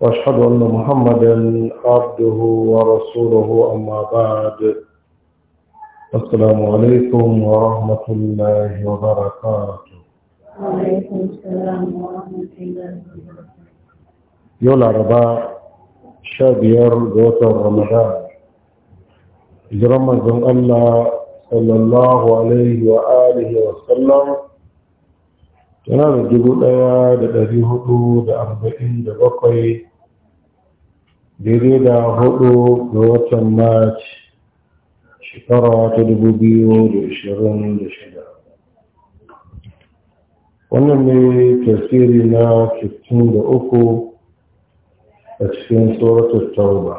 واشهد ان محمدا عبده ورسوله اما بعد السلام عليكم ورحمه الله وبركاته وعليكم السلام ورحمه الله وبركاته شابير غوتر رمضان رمضان الله صلى الله عليه واله وسلم tana da dubu ɗaya da ɗari hudu da arba'in daidai da hudu ga watan march shekara ta dubu biyu da ishirin da shida wannan ne tasiri na 63 a cikin tsoratar tauba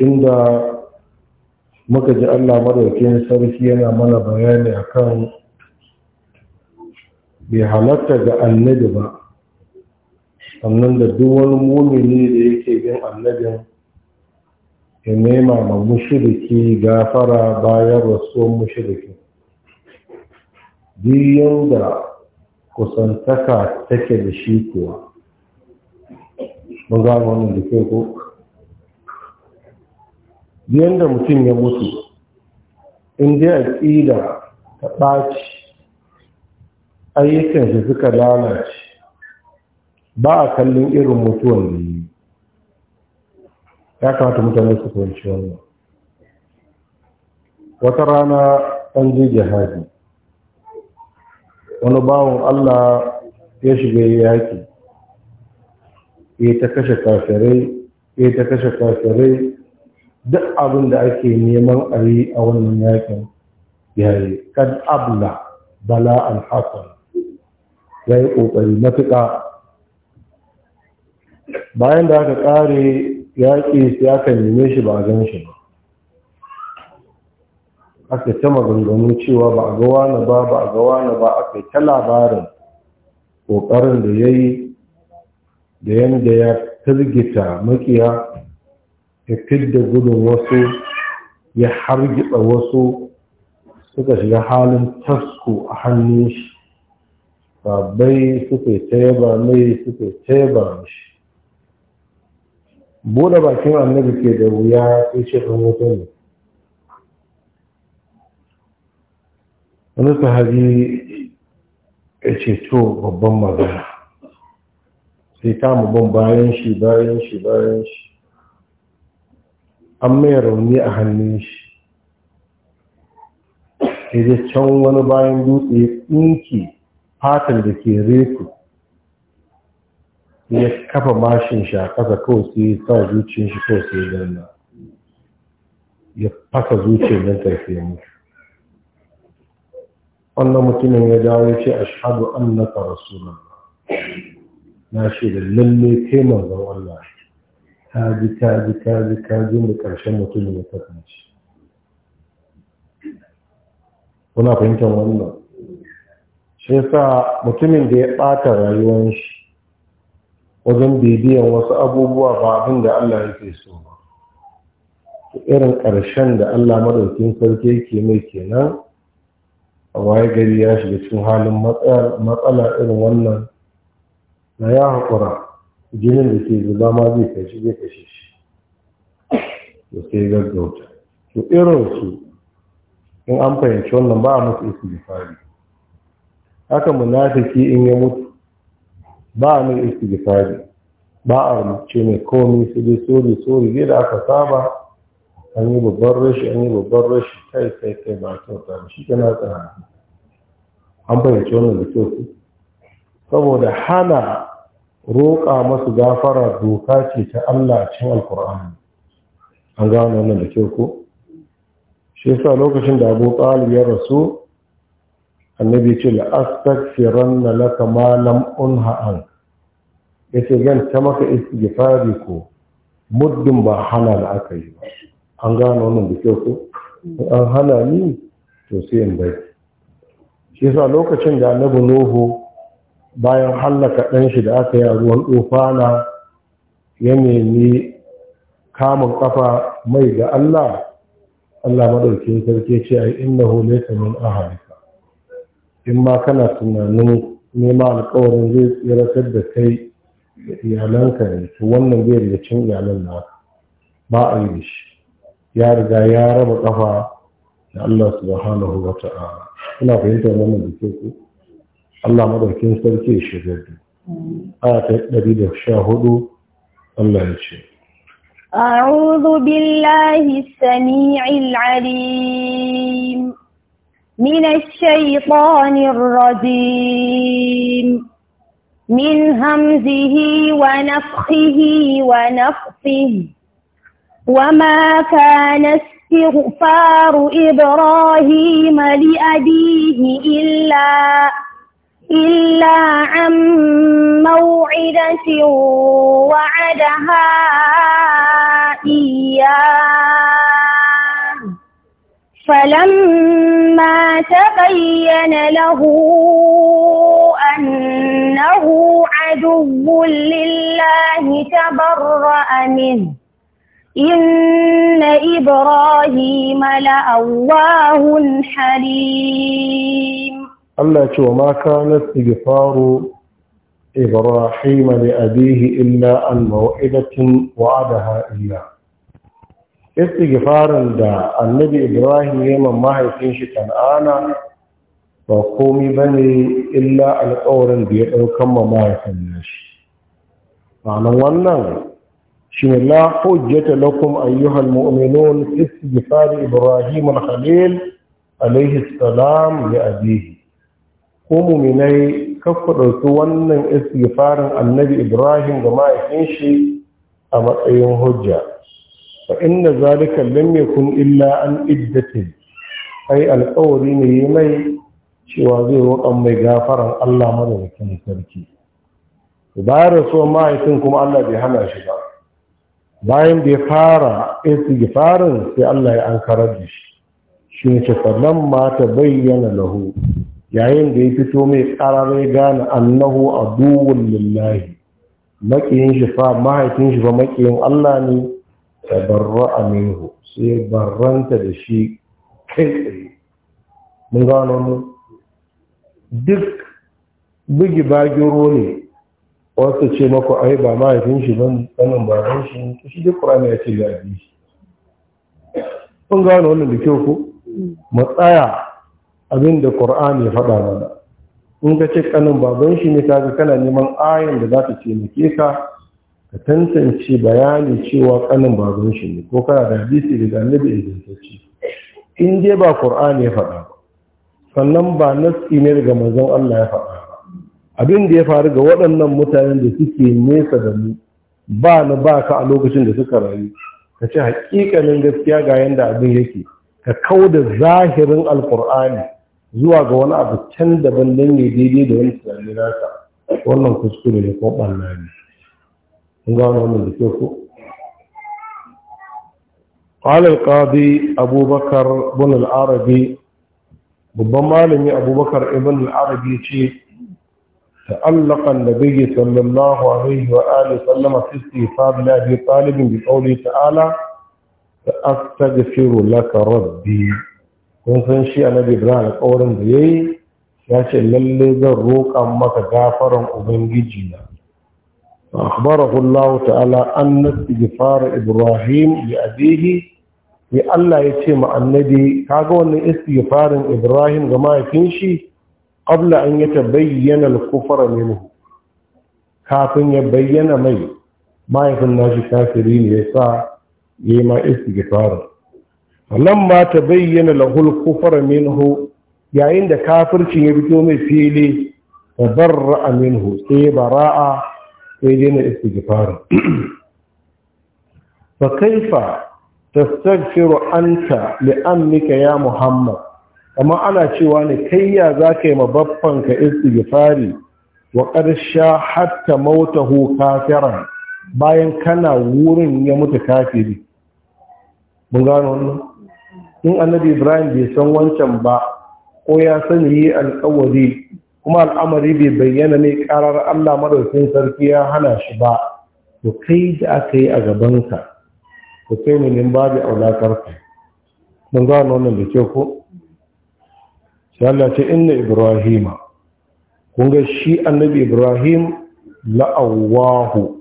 inda muka ji allah madaukin sarki yana mana bayani akan bai halatta ga annabi ba sannan da duk wani mumini da annabin ya nema ma mushiriki gafara bayan rasuwan mushiriki biyun da kusantaka take da shi kuwa mun gano da ke ko biyun da mutum ya mutu in dai aƙida ta ɓaci ayyukansa suka lalace ba a kallon irin mutuwan da ya kamata mutane su fahimci wannan wata rana an je jihadi wani bawon allah ya shiga yaki ya ta kashe kafirai ya ta kashe kafirai duk abin da ake neman a yi a wannan yakin yayi yi kan abla bala alhassan ya yi ƙoƙari matuƙa bayan da aka ƙare ya ya kan neme shi ba a gan shi ba aka ta maganganu cewa ba a ga na ba ba a gawa na ba aka ta labarin ƙoƙarin da ya yi da yadda ya firgita makiya ya fidda gudun wasu ya hargitsa wasu suka shiga halin tasko a hannun shi babbai suka yi ta yaba mai suka yi ta yaba shi bude bakin annabi ke da wuya sai ce ɗan wuta ne wani sahabi ya ce to babban magana sai kama ban bayan shi bayan shi bayan shi an mai rauni a hannun shi sai can wani bayan dutse ya tsinki fatan da ke reku ya kafa mashin shi a ƙasa kawai sai ya sa zuciyar shi kawai sai ya danna ya fasa zuciyar nan sai ya mutu wannan mutumin ya dawo ya ce ashhadu annaka rasulullah na shi da lalle kai manzon Allah ta ji ta ji ta ji ka ji da ƙarshen mutumin ya kasance kuna fahimtar wannan shi yasa mutumin da ya ɓata rayuwar shi wajen bibiyan wasu abubuwa ba abin da Allah yake so ba irin ƙarshen da Allah maɗaukin sarki yake mai kenan a waye gari ya shiga cikin halin matsala irin wannan na ya haƙura jinin da ke zuba ma zai kashi zai kashe shi da sai gaggauta to irin su in an fahimci wannan ba a musu isi fari. haka munafiki in ya mutu ba mai istighfari ba a ce mai komi su dai tsori tsori zai da aka saba an yi babban rashi an yi babban rashi kai kai kai ba kyauta ba shi kana tsara an fahimci wannan da kyau saboda hana roƙa masu gafara doka ce ta Allah a cikin alkur'ani an gano wannan da kyau ko shi yasa lokacin da Abu Talib ya rasu annabi ce la'astaghfiran laka ma lam unha an yace zan ta maka istighfari ko muddin ba hana da aka yi ba an gano wannan da kyau ko an hana ni to sai in bai shi yasa lokacin da annabi nuhu bayan hallaka ɗan shi da aka yi a ruwan tsofana ya nemi kamun kafa mai ga Allah Allah madaukin sarki ce ai innahu laysa min ahad in ma kana tunanin nema alkawarin zai tsiratar da kai da iyalanka ne to wannan zai riga cin iyalan naka ba a yi da shi ya riga ya raba kafa da Allah subhanahu wa ta'ala ina fahimtar wannan da ke ku Allah madaukin sarki ya shiga da aya ta da sha hudu, Allah ya ce أعوذ بالله السميع العليم من الشيطان الرجيم من همزه ونفخه ونفخه وما كان استغفار إبراهيم لأبيه إلا إلا عن موعدة وعدها إياه فلما تبين له أنه عدو لله تبرأ منه إن إبراهيم لأواه حليم الله شو ما كان استغفار إبراهيم لأبيه إلا عن موعدة وعدها إياه istighfarin da annabi ibrahim ya man mahaifin shi kan'ana ba komi ba ne illa alƙawarin da ya ɗaukan ma mahaifin nashi ma'anan wannan shi ne la hujjata lakum ayyuhal mu'minun istighfar ibrahim al-khalil alaihi salam ya abihi ko mu'minai kafa ɗauki wannan istighfarin annabi ibrahim ga mahaifin shi a matsayin hujja fa inna zalika lam yakun illa an iddatin ai alƙawari ne yi mai cewa zai roƙan mai gafaran Allah madaukakin sarki bayan rasuwar mahaifin kuma Allah bai hana shi ba bayan da ya fara istighfarin sai Allah ya ankarar da shi shi ne ma ta bayyana lahu yayin da ya fito mai ƙarar ya gane annahu aduwwun lillahi maƙiyin shi fa mahaifin shi fa maƙiyin Allah ne tabarra'a minhu sai barranta da shi kai tsaye mun gano mu duk bugi bagiro ne wasu ce mako ai ba mahaifin shi ban ba baban shi shi duk ƙurani ya ce ya bi shi mun gano wannan da kyau ko mu tsaya abin da ƙur'ani faɗa mana in ka ce kanin baban shi ne ga kana neman ayin da za ta taimake ka ka tantance bayani cewa kanin babun shi ne ko kana da hadisi da annabi ingantacce in dai ba qur'ani ya faɗa ba sannan ba nasi ne daga manzon Allah ya faɗa ba abin da ya faru ga waɗannan mutanen da suke nesa da mu ba na ba ka a lokacin da suka rayu ka ce hakikanin gaskiya ga yanda abin yake ka kau da zahirin alkur'ani zuwa ga wani abu can daban don ya daidai da wani tunani nasa wannan kuskure ne ko ɓanna ne kun ga wannan da ke ku قال القاضي أبو بكر بن العربي babban malami abubakar ibn al'arabi ce ta'allakan da bai sallallahu alaihi wa alihi sallama fiski fadla bi talibin bi tsauli ta'ala ta astaghfiru laka rabbi kun san shi annabi ibrahim alƙawarin da yayi ya ce lalle zan roƙa maka gafaran ubangiji na أخبره الله تعالى أن استغفار إبراهيم لأبيه ya Allah ya ce annabi kaga wannan istighfarin Ibrahim ga mahaifin shi qabla an yatabayyana al-kufra minhu kafin ya bayyana mai mahaifin nashi kafiri ne yasa yayi ma istighfar lamma tabayyana lahu al-kufra minhu yayin da kafircin ya fito mai fili tabarra'a minhu sai bara'a sai daina istighfarin fa kaifa tastaghfiru anta li ammika ya muhammad amma ana cewa ne kai ya zaka yi ka istighfari wa qad hatta mautahu kafiran bayan kana wurin ya mutu kafiri mun gano wannan in annabi ibrahim bai san wancan ba ko ya sani yi alƙawari kuma al'amari bai bayyana ne karar Allah madaukin sarki ya hana shi ba to kai da aka yi a gabanka ko kai minin babu aulakar ka mun gano wannan da kyau ko sai Allah ce inna ibrahima kun ga shi annabi ibrahim la'awahu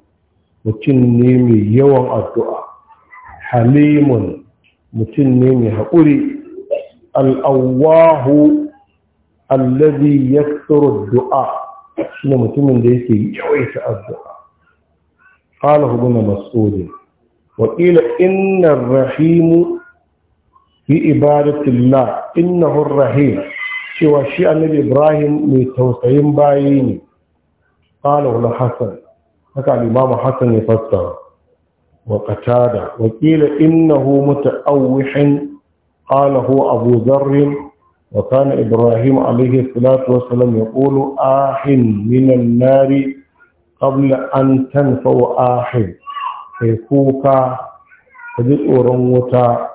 mutum ne mai yawan addu'a halimun mutum ne mai haƙuri al'awahu الذي يكثر الدعاء شنو متمن ده يكي الدعاء قال ابن مسعود وقيل ان الرحيم في عبادة الله انه الرحيم سوى شيء النبي ابراهيم متوسعين باين قاله الحسن حتى الامام الحسن يفسر وقتاده وقيل انه متأوح قاله ابو ذر وكان إبراهيم عليه الصلاة والسلام يقول آح من النار قبل أن تنفو آح فيكوكا فجد أورموتا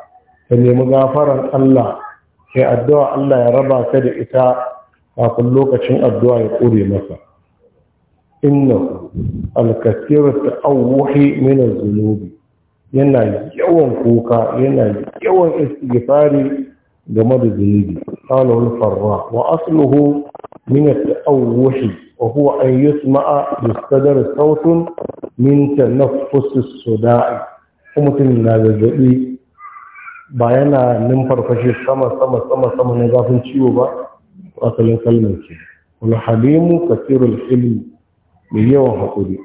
فليمغافرا الله في الدعاء الله يربى كده إتاء أقول لك شن الدعاء يقول مثلا إنه الكثير التأوح من الذنوب yana yawan kuka yana yawan istighfari game da zunubi قاله الفراء وأصله من التأوح وهو أن يسمع يستدر صوت من تنفس الصداع ومثل هذا ba yana numfarfashe sama sama sama na zafin ciwo ba asalin kalmar ce wal halimu kasirul hilmi mai yawan haƙuri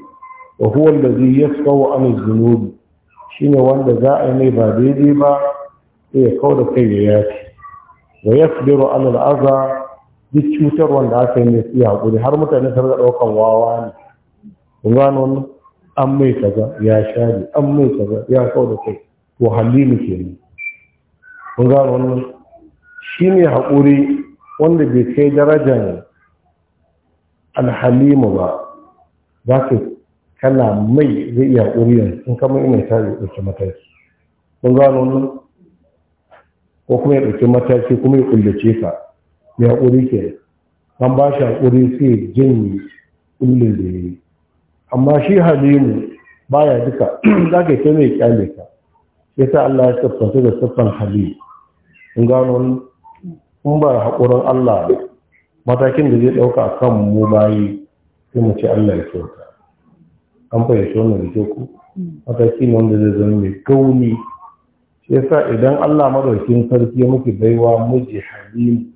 wa huwa allazi yasqaw an az-dhunub shine wanda za a yi mai ba daidai ba sai ya da kai ya yafi wa yasbiru alal aza duk cutar wanda aka yi mai su hakuri har mutane sun ɗaukan wawa ne kun gano wannan an mai kaza ya share an mai kaza ya kau da kai to halilu ne kun gano wannan shi ne haƙuri wanda bai kai darajar alhalimu ba za ka kana mai zai iya haƙuri yanzu in kama ina tare da ɗauki mataki kun gano wannan ko kuma ya ɗauki mataki kuma ya ƙullace ka ya haƙuri ke an ba shi haƙuri sai janye ƙullin da ya yi amma shi halimu baya duka za ka yi mai kyale ka ya sa Allah ya siffanta da siffan hali in gano in ba haƙurin Allah matakin da zai ɗauka a kan mu bayi sai mu ci Allah ya kyauta an fahimci wannan da ku mm. mataki ne wanda zai zama mai gauni yasa idan Allah madaukin sarki ya muke baiwa miji halim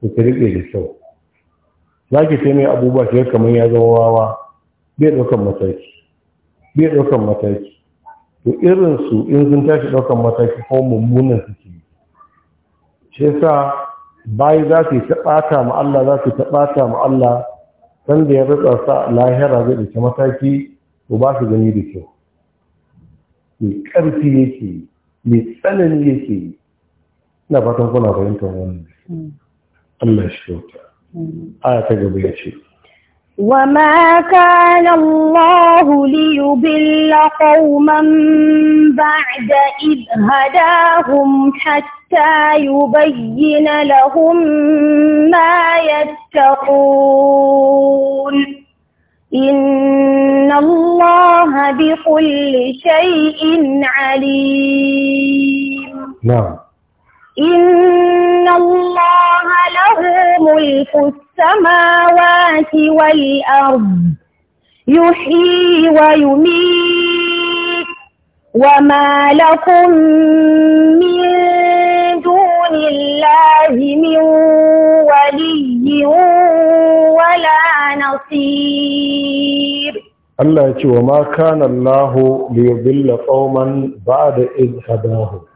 ku rike da kyau zaki ce mai abubuwa ta kamar ya zama wawa bai daukan mataki bai daukan mataki to irin su in sun tashi daukan mataki ko mummunan su shi yasa bayi za su ta mu ma Allah za su ta ma Allah san da ya rutsa sa lahira zai dauki mataki to ba su gani da kyau mai ƙarfi yake yi mai tsanani yake yi na fatan kuna fahimtar wannan Allah shi kyauta aya ta gaba ya ce وما كان الله ليضل قوما بعد إذ هداهم حتى يبين لهم ما يتقون إن الله بكل شيء عليم نعم إن الله له ملك السماوات والأرض يحيي ويميت وما لكم من لله من ولي ولا نصير Allah ya ce wa ma kana Allahu li yudilla qauman ba'da id hadahu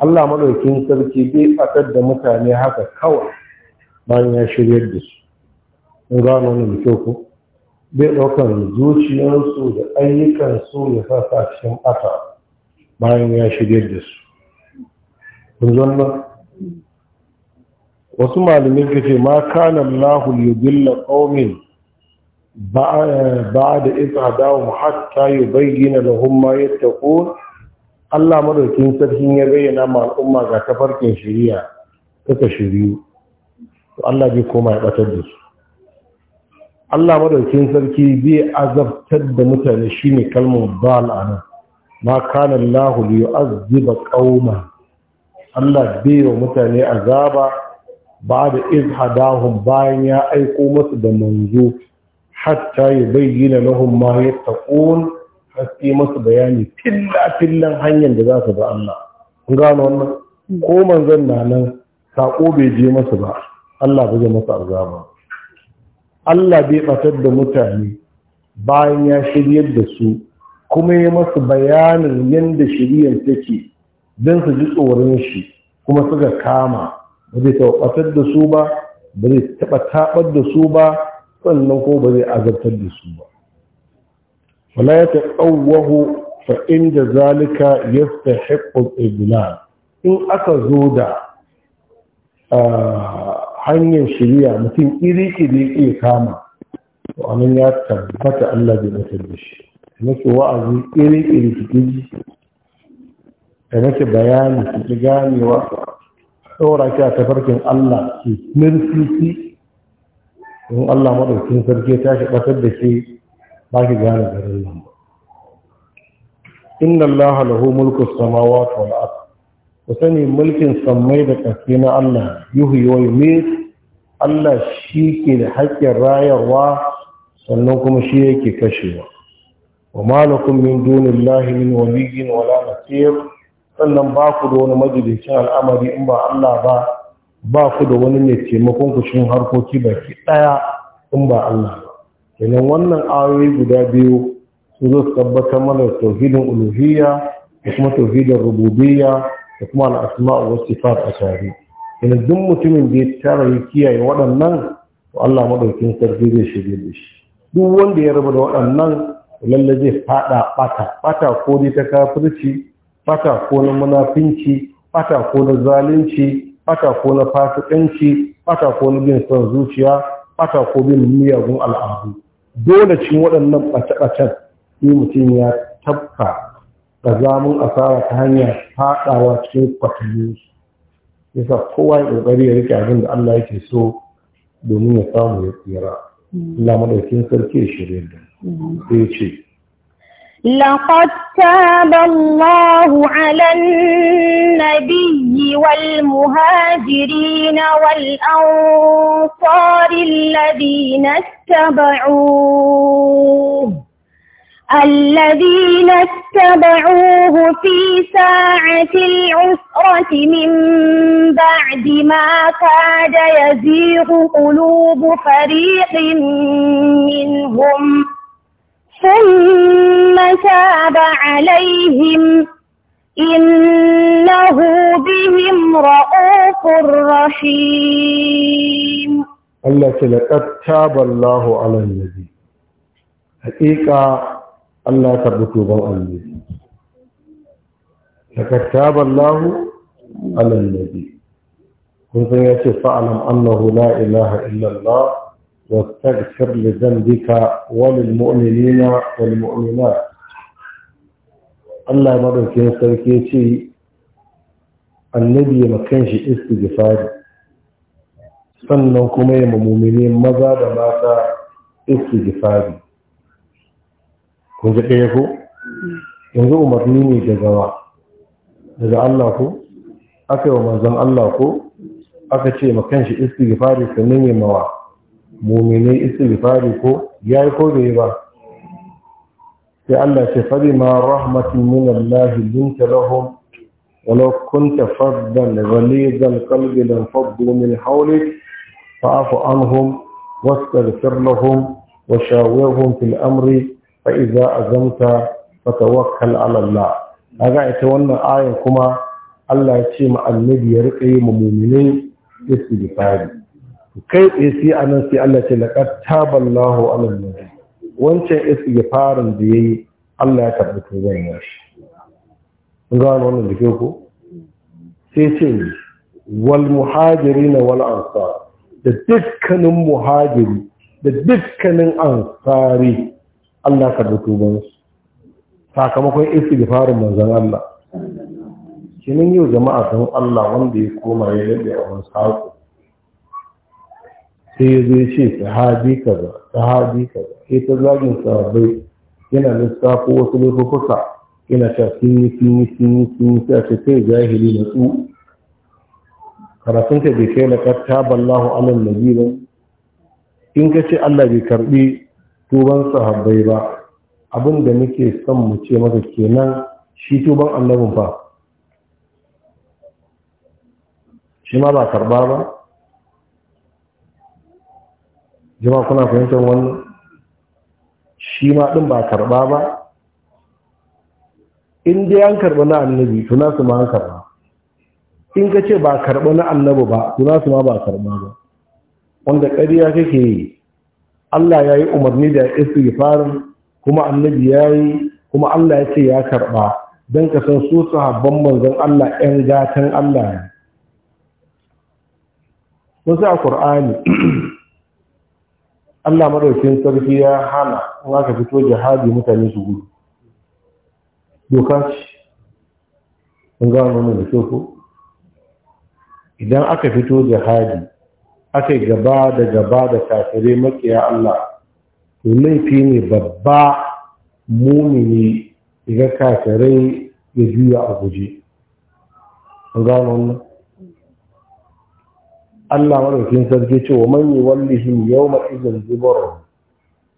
Allah madaukin sarki bai fatar da mutane haka kawai bayan ya shiryar da su mun gano ne da ku bai ɗaukar zuciyarsu da ayyukansu ya sa sa cikin ɓata bayan ya shiryar da su zanna wasu malumin ka ce ma kana Allah yudilla qaumin ba'da idh hadahum hatta da lahum ma yattaqun Allah madaukin sarkin ya bayyana ma al'umma ga tafarkin shari'a suka shiriyu to Allah bai koma ya batar da su Allah madaukin sarki bai azabtar da mutane shine kalmar ba anan ma kana ya azziba qauma Allah bai wa mutane azaba ba da izhadahum bayan ya aiko masu da manzo hatta ya bayyana lahum ma yattaqun haske masu bayani filla fillan hanyar da za su ga Allah kun gano wannan ko manzon na nan sako bai je masu ba Allah bai masa azaba Allah bai batar da mutane bayan ya shiryar da su kuma ya masu bayanin yadda shiriyar take don su ji tsoron shi kuma suka kama ba zai tabbatar da su ba ba zai taɓa taɓar da su ba sannan ko ba zai azabtar da su ba wala ya taɓawahu fa inda zalika ya stahiqqu in aka zo da hanyar shirya mutum iri da iya kama to anan ya tabbata Allah bai mutar da shi nake wa'azi iri-iri kiji da nake bayani ki ji ganewa ɗora ki a tafarkin Allah ki mirfisi in Allah maɗaukin sarki ta shi ɓatar da ke ba ki gane garin nan inna Allah lahu mulku samawati wal ard ku sani mulkin sammai da ƙarfi na Allah yuhyi wa yumiit Allah shi ke da haƙƙin rayarwa sannan kuma shi yake kashewa wa malakum min dunillahi min waliyyin wala nasir sannan ba ku da wani majalisun al'amari in ba Allah ba ba ku da wani mai taimakon ku cikin harkoki baki ɗaya in ba Allah ba kenan wannan ayoyi guda biyu su zo su tabbatar mana tauhidin uluhiyya da kuma tauhidin rububiyya da kuma al'asma'u wasu sifat a tare kenan duk mutumin da ya tara ya kiyaye waɗannan to Allah madaukin sarki zai shirye da shi duk wanda ya raba da waɗannan lallai zai faɗa bata bata ko dai ta kafirci bata ko na munafinci fata ko na zalunci fata ko na fasikanci bata ko na bin son zuciya fata ko bin miyagun al'adu dole cin waɗannan ɓace-ɓacen sai mutum ya tabka da zamun asara ta hanyar faɗawa cikin kwatanni yasa kowa ya ƙoƙari ya rike abin da Allah yake so domin ya samu ya tsira mm. Allah madaukin sarki ya shirye da mm. ya ce لقد تاب الله على النبي والمهاجرين والأنصار الذين اتبعوه الذين اتبعوه في ساعة العسرة من بعد ما كاد يزيغ قلوب فريق منهم ثم تاب عليهم إنه بهم رؤوف رحيم الله لقد تاب الله على النبي حقيقة الله تبتوبا النبي لقد تاب الله على النبي كنت يأتي فأعلم أنه لا إله إلا الله واستغفر لذنبك وللمؤمنين والمؤمنات Allah maɗaukin sarki ya ce annabi ya makan shi istighfari sannan kuma ya mamumini maza da mata istighfari kun ji ɗaya ko yanzu umarni ne daga wa daga Allah ko aka yi wa manzon Allah ko aka ce makan shi istighfari sannan ya mawa muminai istighfari ko yayi ko bai ba sai Allah ce fari ma rahmatin min Allah linta lahum walau kunta faddan ghalidal qalbi lan faddu min hawlik fa'fu anhum واستغفر لهم وشاورهم في الأمر فإذا أزمت فتوكل على الله هذا يتولى آية كما الله يتشيم النبي يرقي مؤمنين استغفاري kai tsaye sai a nan sai Allah ce laƙar taballahu alal nabi wancan farin da ya yi Allah ya karɓi zai ya shi in ga wannan da ke sai ce wal na wal ansa da dukkanin muhajiri da dukkanin ansari Allah karɓi tuban su sakamakon farin manzan Allah kinin yau jama'a don Allah wanda ya koma ya yi a wani saƙo sai ya zo ce sahabi kaza sahabi kaza sai ta zagin sahabbai yana lissafo wasu laifuka yana ta sun yi sun sai ce kai jahili na tsu karatun bai kai karta ballahu alal nabi ba in ka ce Allah bai karbi tuban sahabbai ba abin da muke son mu ce maka kenan shi tuban annabin ba shi ma ba karba ba jima kuna fahimtar wannan shi ma ɗin ba karɓa ba in dai an karɓa na annabi tuna su ma an karɓa in ka ce ba karɓa na annabi ba tuna su ma ba karɓa ba wanda ƙarya kake yi Allah ya yi umarni da istighfarin kuma annabi ya yi kuma Allah ya ce ya karɓa don ka san su sahabban manzon Allah ‘yan gatan Allah ne. Wasu a Kur'ani Allah madaukin sarki ya hana in aka fito jihadi mutane su gudu doka shi, in ga wani da ko idan aka fito jihadi aka gaba da gaba da kafirai makiya Allah to laifi ne babba mumini idan kafirai ya juya a guje In ga wani Allah maraukin sarki ce wa manyi wallihin yau ma'izin zubar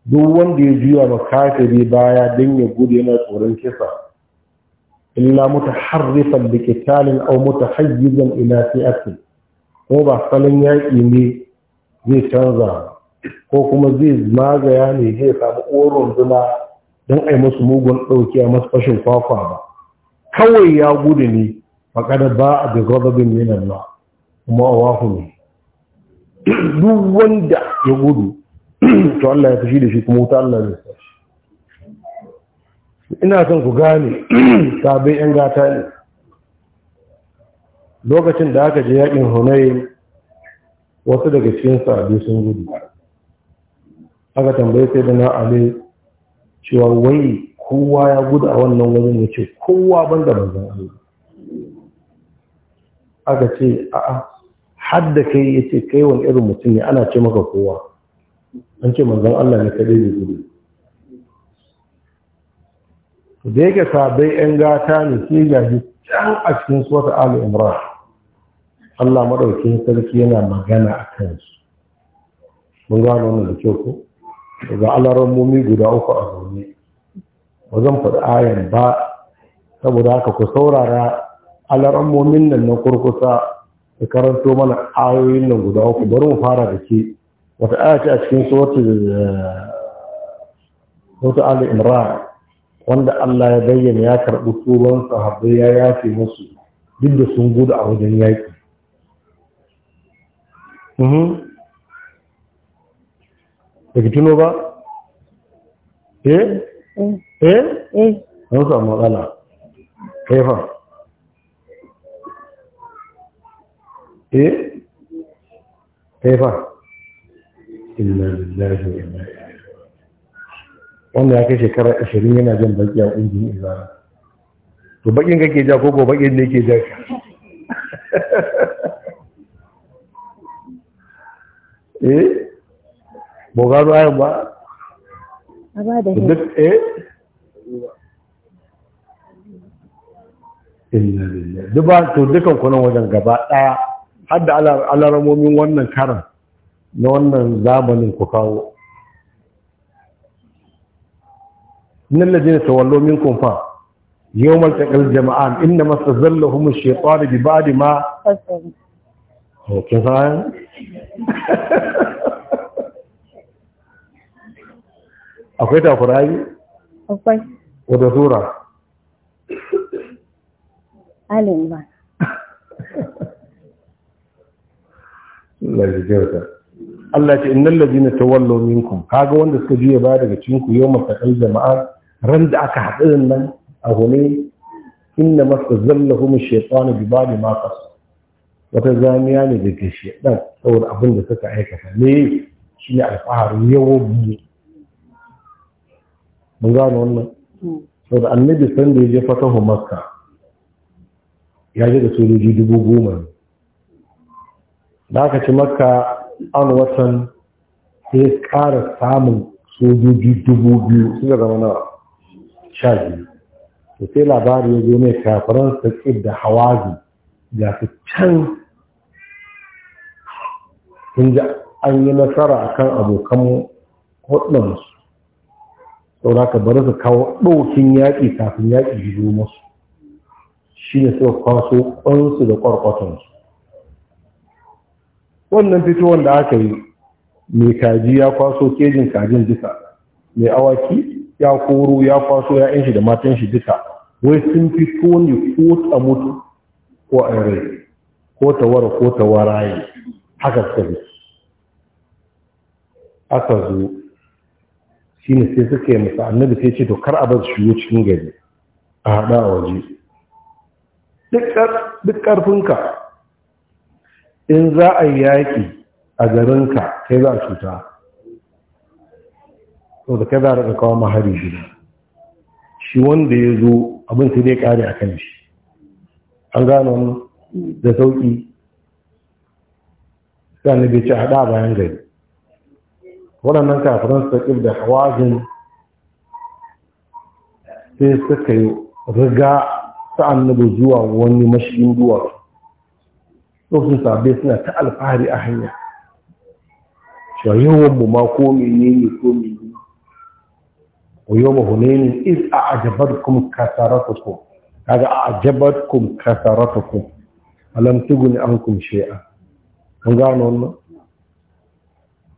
duk wanda ya juya makafiri baya don ya gudu yana tsoron kisa illa mutu harrifan da kitalin au mutu hayyizan ila fi'atin ko ba salon yaƙi ne zai canza ko kuma zai magaya ne zai samu oron zuma don a yi masu mugun ɗauki a masu fashin kwakwa ba kawai ya gudu ne faƙada ba a da gwazabin yanar ba kuma a wahu ne duk wanda ya gudu to Allah ya fushi da shi kuma wuta Allah ya ina son ku gane sabai yan gata ne lokacin da aka je yakin hunayi wasu daga cikin sabi sun gudu aka tambaye sai da na ale cewa wai kowa ya gudu a wannan wajen ya ce kowa ban da banzan aka ce a'a har da kai ya ce kai wani irin mutum ne ana ce maka kowa an ce manzan Allah ne kaɗai ne gudu da yake sabai 'yan gata ne sai gaji can a cikin suwata ali imra Allah maɗaukin sarki yana magana a kansu mun gano wannan da kyau ko daga alarar mummi guda uku a zaune ba zan faɗi ayan ba saboda haka ku saurara alarar mumin nan na kurkusa da karanto mana ayoyin nan guda uku bari mu fara da ke wata aya ce a cikin sautu eh, ali imran wanda Allah ya bayyana ya karɓi tuban sahabbai ya yafe musu duk da sun gudu a wajen yaƙi Da mhm. tuno ba? eh? eh? eh? eh. an samu Kai fa. eh kaifa wanda ya kai shekara 20 yana jin baki a ƙungiyar izara to bakin kake ja ko bakin ne ke ja eh bogaro ayan ba duk eh inna lillahi duk ba to dukan kunan wajen gaba daya Hadda da alaramomin wannan karan na wannan zamanin ku kawo nan da min kumfa yau maltakar jama'an inda masu zalla humu shekwari bi ba ma akwai akwai wadda zura? alin ba Allah ya Allah ce innal ladina tawallaw minkum kaga wanda suka juya ba daga cikin ku yau mafaqal jama'a ran da aka haɗu nan a hune inna mastazallahum ash-shaytanu bi ba'd ma qas wata zamiya ne daga shedan saboda abin da suka aikata ne shine alfaharin yawan mu mun gano wannan saboda annabi san da ya je fatahu makka ya je da sojoji dubu goma ne da aka ci maka an watan sai ƙara samun sojoji dubu biyu ga zama na sha biyu to sai labari ya zo mai kafiran saƙi da hawazi ga su can sun ji an yi nasara a kan abokan su, sau da ka bari su kawo ɗaukin yaƙi kafin yaƙi zo masu shi ne suka kwaso ƙwansu da ƙwarƙwatansu wannan fitowar da aka yi mai kaji ya kwaso kejin kajin duka mai awaki ya koro ya kwaso ya shi da matan shi duka wai sun fito ne ko ta mutu ko a rai ko ta wara ko ta waraye haka suka bi aka zo shi ne sai suka yi masa annabi sai ce to kar a bar shigo cikin gari a haɗa a waje duk ƙarfinka in za a yaƙi a garinka kai za a cuta so da kai za a kawo mahari shida, shi wanda ya zo abin sai dai kare a kan shi an gano da sauƙi sani bai ci haɗa bayan gari waɗannan kafin su taƙi da hawazin sai suka yi riga ta annabi zuwa wani mashin duwatsu sun sabai suna ta alfahari a hanya cewa yawan mu ma ko menene ko menene wa yawma hunainin iz a'jabatkum kasaratukum kaga a'jabatkum kasaratukum alam tugun ankum shay'a an gano wannan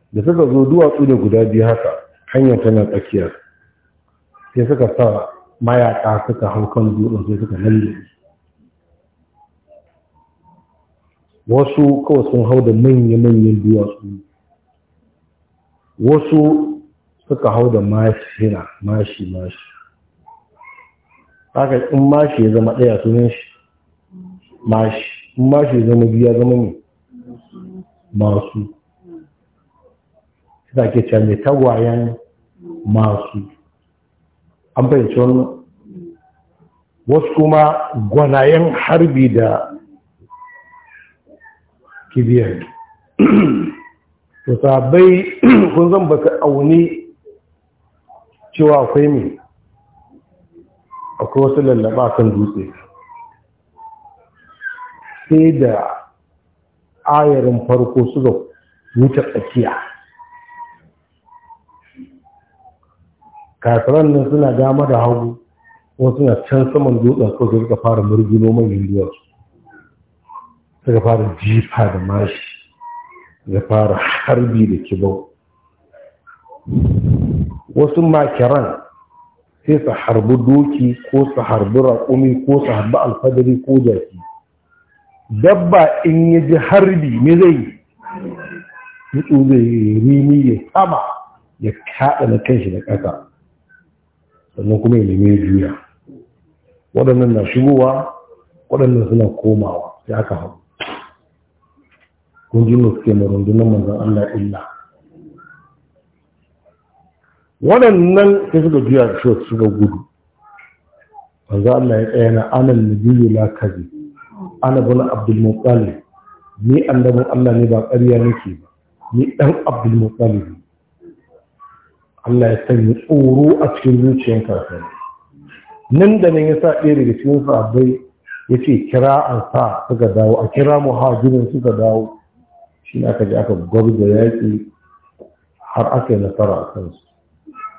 da suka zo duwatsu ne guda biyu haka hanyar tana tsakiya sai suka sa mayaka suka hau kan dutsen sai suka lalle wasu kawai sun hau da manya-manyan duwatsu wasu suka hau da mashina mashi-mashi haka in mashi ya zama ɗaya sunan shi mashi in mashi ya zama biya zama ne masu suna ke can mai tagwayen masu an fahimci wannan wasu kuma gwanayen harbi da kibiyar to sabai kun zan baka auni cewa akwai mai akwai wasu lallaba kan dutse sai da ayarin farko su ga wuce tsakiya kasaran nan suna dama da hagu wasu na can saman dutsen suka fara murgino mai yindiyarsu suka fara jifa da mashi ya fara harbi da kibau wasu makiran sai su harbi doki ko su harbi raƙumi ko su harbi alfadari ko jaki dabba in yi ji harbi ne zai yi ya yi rimi ya saba, ya kaɗa na kan shi da ƙasa sannan kuma ya nemi juya waɗannan na shigowa waɗannan suna komawa sai aka hau kun ji mu suke rundunar manzan Allah illa waɗannan sai suka juya shi suka gudu manzan Allah ya tsaye na anan nabiyyu juyi lakari ana bana abdul ni ni Allah ne ba ƙarya nake ba ni dan abdul ne. Allah ya sanya tsoro a cikin zuciyar kafin nan da nan ya sa ɗaya daga cikin sahabbai ya ce kira an sa suka dawo a kira muhajirin suka dawo shi aka ji aka gwabda yaƙi har aka yi nasara a kansu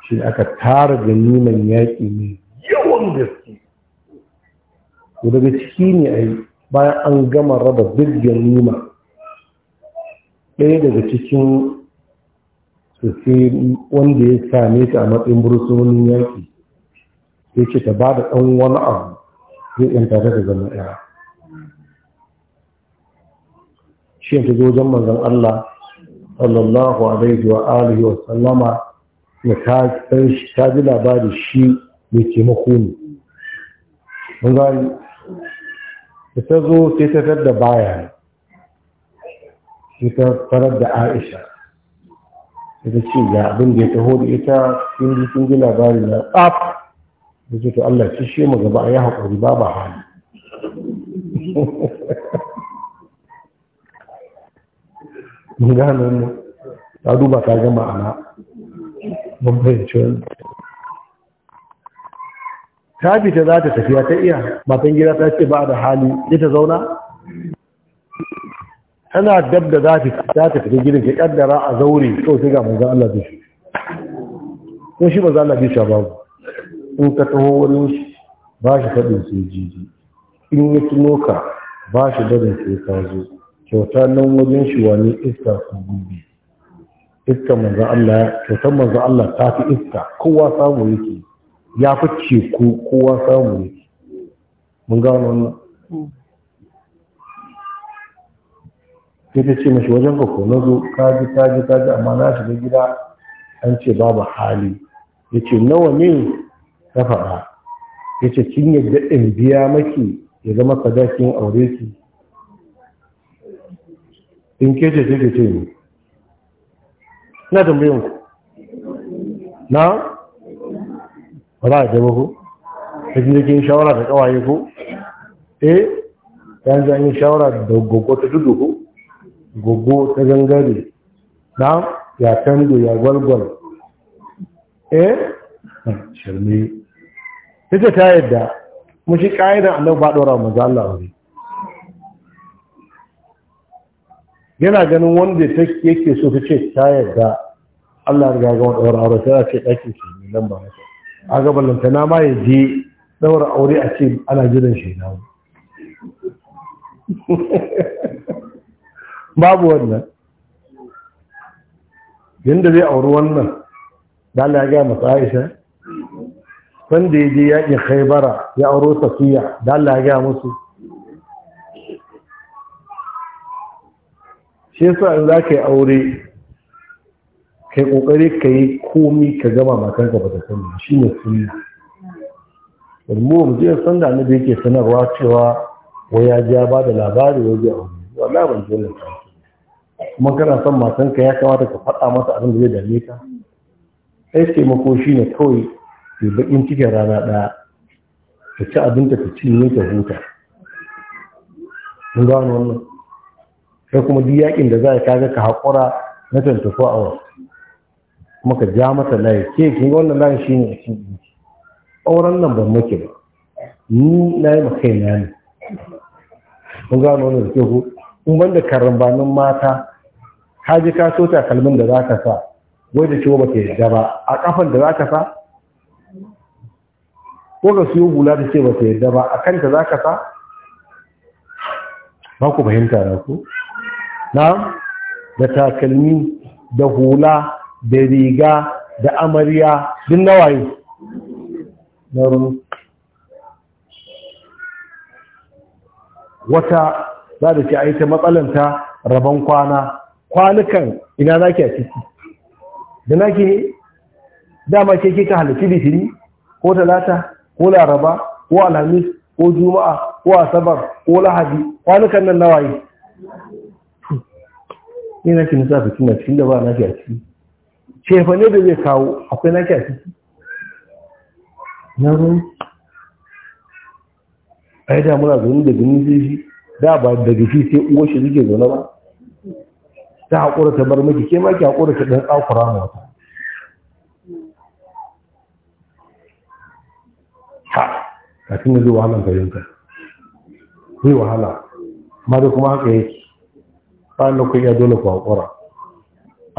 shi aka tara ganiman yaƙi ne yawan gaske daga ciki ne a yi bayan an gama raba duk ganima ɗaya daga cikin sosai wanda ya same ta a matsayin burusunin yaƙi ya ce ta ba da ɗan wani abu zai yanta ta ka zama ɗaya shi ta zo wajen manzon Allah sallallahu alaihi wa alihi wa sallama ya ta ji labari shi mai taimako ne mun gani da ta zo sai ta tar da baya sai ta farar da aisha sai ta ce ga abin da ya taho da ita sun ji sun ji labari na tsaf da ce to Allah ci shi mu gaba a yi haƙuri ba ba hali mun gane wannan ta duba ta gama ma'ana mun fahimci wannan ta fita za ta tafiya ta iya matan gida ta ce ba da hali ita zauna tana dab da za ta fita gidan ke kaddara a zaure to sai ga manzan Allah zai shi ko shi manzan Allah zai shi babu in ka taho wani shi ba shi faɗin sai jiji in ya tuno ka ba shi dadin sai ka zo kyauta nan wajen shi wani iska su gudu iska manzan Allah kyautar manzan Allah ta fi iska kowa samu yake ya fi ceku kowa samu yake mun gano wannan sai ta ce mashi wajen ka ko na zo kaji kaji kaji amma na shiga gida an ce babu hali ya ce nawa ne ta faɗa ya ce kin yadda in biya maki ya zama sadakin aure ki in ke ce ke ce ne na tambayin ku na ba za a jaba ku a cikin jikin shawara da kawaye ku eh ta zan yi shawara da eh, gogo ta dudu ku gogo ta gangare na ya kando ya gwalgwal eh shirme ita ta yadda mu shi ƙa'idar annabu ba ɗora manzo Allah wuri yana ganin wanda ta yake so ta ce ta yarda Allah ya ga wani aure ta a ce ɗakin shi ne nan ba haka a gaban lantana ma ya je ɗaura aure a ce ana jiran shi na babu wannan yadda zai auri wannan da Allah ya gaya masa Aisha wanda ya je yaƙin Khaibara ya auro tafiya, da Allah ya gaya musu shi yasa in za ka yi aure kai kokari ka yi komi ka gama matarka ba ta sani shi ne sunna ilmu mu je san da annabi yake sanarwa cewa wai ya ja ba da labari wai ya aure wallahi ban ji wannan kuma kana son matanka ya kamata ka faɗa masa abin da zai dame ka sai mako shi ne kawai ke bakin cikin rana ɗaya ka ci abinta ka cinye ka huta mun gano wannan kai kuma duk yakin da za ka kaga ka haƙura na 24 hours kuma ka ja mata layi ke kin wannan layin shine a cikin ɗinki auren nan ban muke ba ni na yi maka na ne kun gano wannan da ke ku in banda karambanin mata ka ji ka so takalmin da za ka sa wai da cewa ba ta yadda ba a kafan da za ka sa ko ka siyo hula da ce ba ta ba a kanta za ka sa ba ku fahimta na ku na da takalmi da hula da riga da amarya din nawaye wata za da ce a ta matsalanta rabon kwana kwanukan ina za ki a ciki da na ke dama ke ka halittu litini ko talata ko laraba ko alhamis ko juma'a ko asabar ko lahadi kwanukan nan nawaye ne na kini sa fitina cikin da ba na shi a ciki shefa ne da zai kawo akwai na shi a ciki na zo a yi damuna zaune da gini zai shi da ba daga shi sai uwa shi zuke zaune ba ta haƙura ta bar miki ke ma ki haƙura ta ɗan tsakura na wata ha kafin da zai wahala yanka zai wahala amma da kuma haka yake ba da ku iya dole kwakwara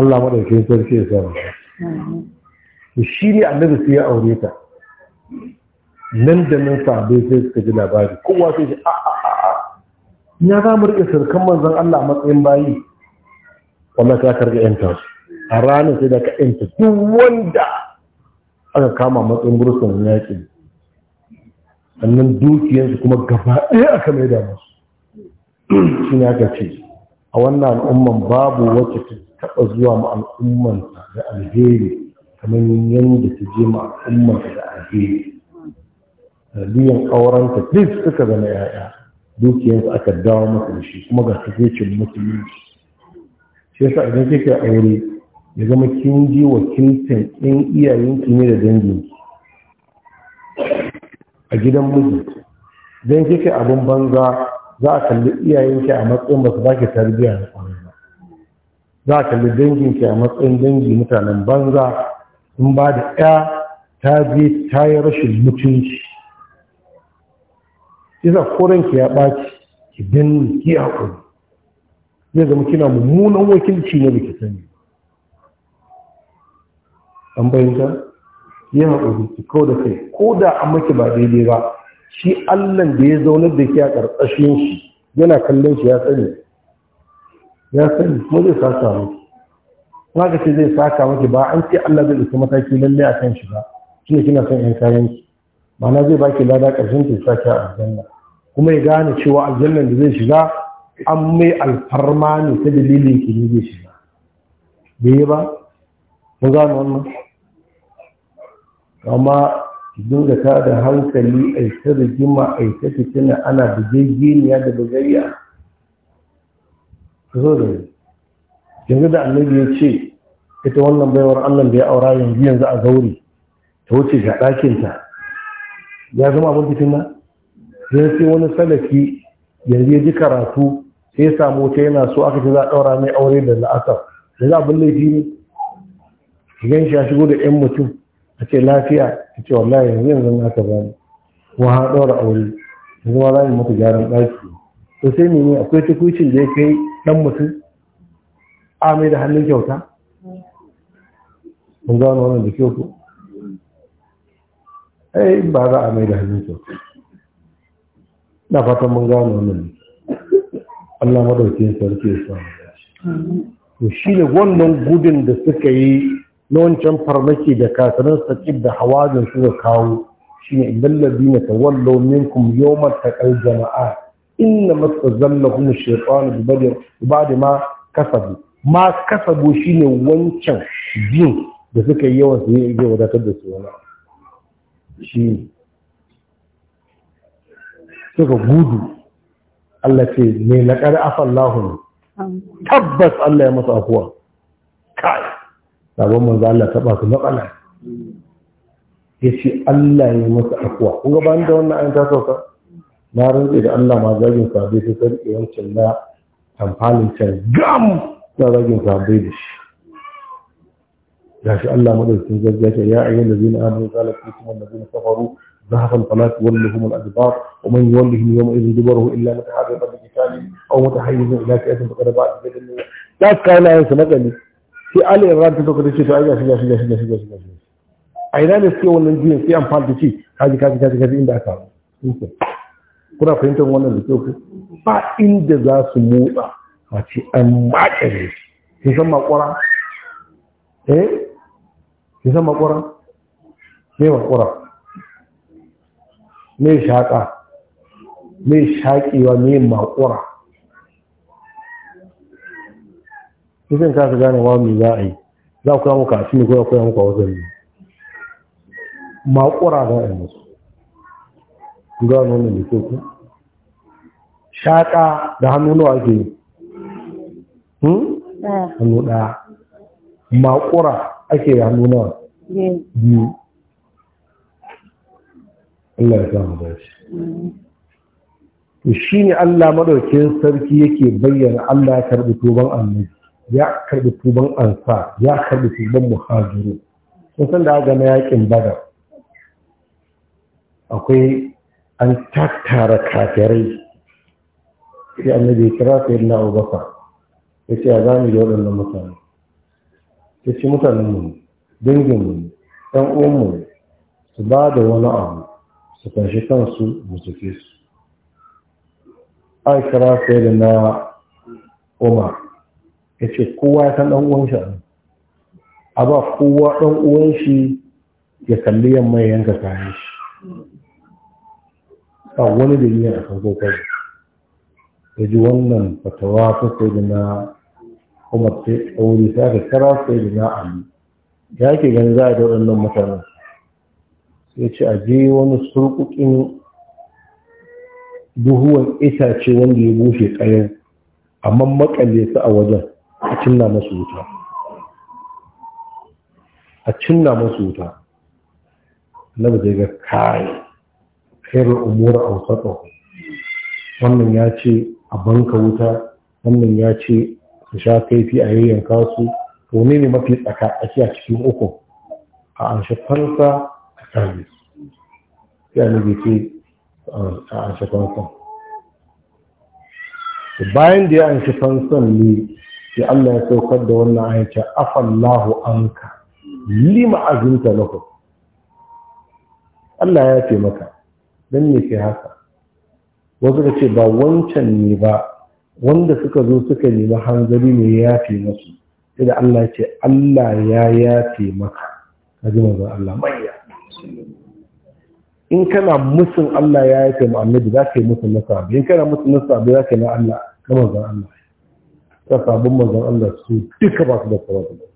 Allah maɗauki sarki ya samu to shi ne annabi su ya aure ta nan da nan sahabbai sai suka ji labari kowa sai shi a a a ya za mu riƙe sarkan Allah a matsayin bayi wannan ta karga yanta su a ranar sai da ka yanta duk wanda aka kama matsayin burusun yaƙi sannan dukiyarsu kuma gaba ɗaya aka mai da musu shi ne aka ce a wannan al'umman babu wacce ta taba zuwa ma al'umman da alheri kamar yadda ta je ma al'umman da alheri biyan aurenta duk suka zama ya'ya dukiyarsu aka dawo masa da shi kuma ga tafiyacin musulunci shi yasa idan kika aure ya zama kin ji wakiltan ɗin iyayenki ne da danginki a gidan miji don kike abin banza za a kalli iyayenki a matsayin ba su baki tarbiyya na kwanan ba za a kalli danginki a matsayin dangi mutanen banza in ba da ya ta je ta yi rashin mutunci isa koranki ya ɓaci ki danni ki haƙuri zai zama kina mummunan wakilci ne ki sani an bayyanta yi haƙuri ki kawo da kai ko da an maki ba daidai ba shi allan da ya zaunar da ke a ƙarƙashin shi yana kallon shi ya sani ya sani kuma zai saka maki kuma ce zai saka maki ba an ce allah zai isa mataki lallai a kan shi ba shi ne kina son yan kayan ki ma'ana zai baki lada ƙarshen ta sa sake a aljanna kuma ya gane cewa aljannan da zai shiga an mai alfarma ne ta dalilin ki ne zai shiga bai yi ba mun gano wannan amma dinga ta da hankali a da rigima a ta fitina ana jirginiya da bugayya zo da yanzu da annabi ya ce ita wannan baiwar allah da ya aura yanzu yanzu a zaure ta wuce ga ɗakinta ya zama abin fitina Ya sai wani salafi yanzu ya ji karatu sai ya samu ta yana so aka ce za a ɗaura mai aure da la'asar yanzu abin laifi ne gan shi ya shigo da 'yan mutum a ce lafiya a ce wallahi yanzu zan aka ba bani kuma har ɗora aure yanzu ma za mu mutu gyaran ɗaki to sai ne akwai tukucin da ya kai ɗan mutum a mai da hannun kyauta mun gano wannan da kyau ko ai eh, ba za a mai da hannun kyauta na fatan mun gano wannan Allah madaukin sarki ya samu to shi ne wannan gudun da suka yi na wancan farmaki da kafirin saƙib da hawazin suka kawo shi ne lallabi na tawallo minkum yawmar taƙar jama'a inna masu zalla kuma shaitan ba da ma kasabu ma kasabu shi ne wancan jin da suka yi yawan su yi wadatar da su wani shi suka gudu Allah ce mai laƙar afallahun tabbas Allah ya masa afuwa sabon manzo Allah taba su matsala ya ce Allah ya masa afuwa kun ga da wannan ayin ta sauka na rantse da Allah ma zagin sabai ta sarki wancan na tamfalin can gam na zagin sabai da shi gashi Allah madaukakin gaggata ya ayyana zina amanu zalika kuma annabiyina kafaru ذهب الفلاس يولهم الأدبار ومن يولهم يومئذ دبره إلا متحرفا بقتال أو متحيزا إلى فئة فقد بعد بإذن الله. لا تقال لا يسمعني sai ali imran ta dauka ce to ai shiga shiga shiga shiga gashi gashi a ina ne suke wannan jiyan sai amfani da ce kaji kaji kaji kaji inda aka kuna fahimtar wannan da kyau ba inda za su motsa a ce an makare shi san makwara eh sun san makwara me makwara me shaƙa me shaƙewa me makwara in zan kasa gane wa mu za a yi za ku muka a cikin ko koya muka a wajen yi. maƙura za a yi musu gano nuna da teku shaƙa da hannu nawa ake yi hmm? hannu ɗaya maƙura ake da hannu nawa biyu Allah ya samu dace to shi ne Allah madaukin sarki yake bayyana Allah ya karɓi tuban annabi ya karbi tuban ansa ya karbi tuban muhajiru sun san da ga na yakin badar akwai an tattara kafirai sai annabi kira sai na abubakar ya ce a zamu da waɗannan mutane ya ce mutanen mu dangin mu ɗan uwan mu su ba da wani abu su tashi kansu mu tafi su a kira sai na umar ya ce kowa ya san ɗan uwan shi a ba kowa ɗan uwan shi ya kalli yamma ya yanka kayan shi ba wani da niyyar a kan kai ya ji wannan fatawa ta sai da na kuma ta wuri ta ka kara sai da na ali ya ke gani za a da waɗannan mutane. sai ce a je wani surkukin duhuwan itace wanda ya bushe ƙayar amma makalle su a wajen a cinna masu wuta a cinna masu wuta na da zai ga kai umura a awsatuhu wannan ya ce a banka wuta wannan ya ce su sha kaifi a yayyanka su to ne ne mafi tsaka a cikin uku a anshi fansa a sabis sai da ce a anshi fansa bayan da ya anshi fansan ne sai Allah ya saukar da wannan ayyace afallahu anka lima azinta lahu Allah ya ce maka dan ne ke haka wasu ka ce ba wancan ne ba wanda suka zo suka nemi hanzari ne ya yafe masu sai da Allah ya ce Allah ya yafe maka kaji manzon Allah manya in kana musun Allah ya yafe mu annabi za ka yi musun nasa in kana musun nasa za ka yi na Allah na manzon Allah ta sabon mazan Allah su duka ba su da ba.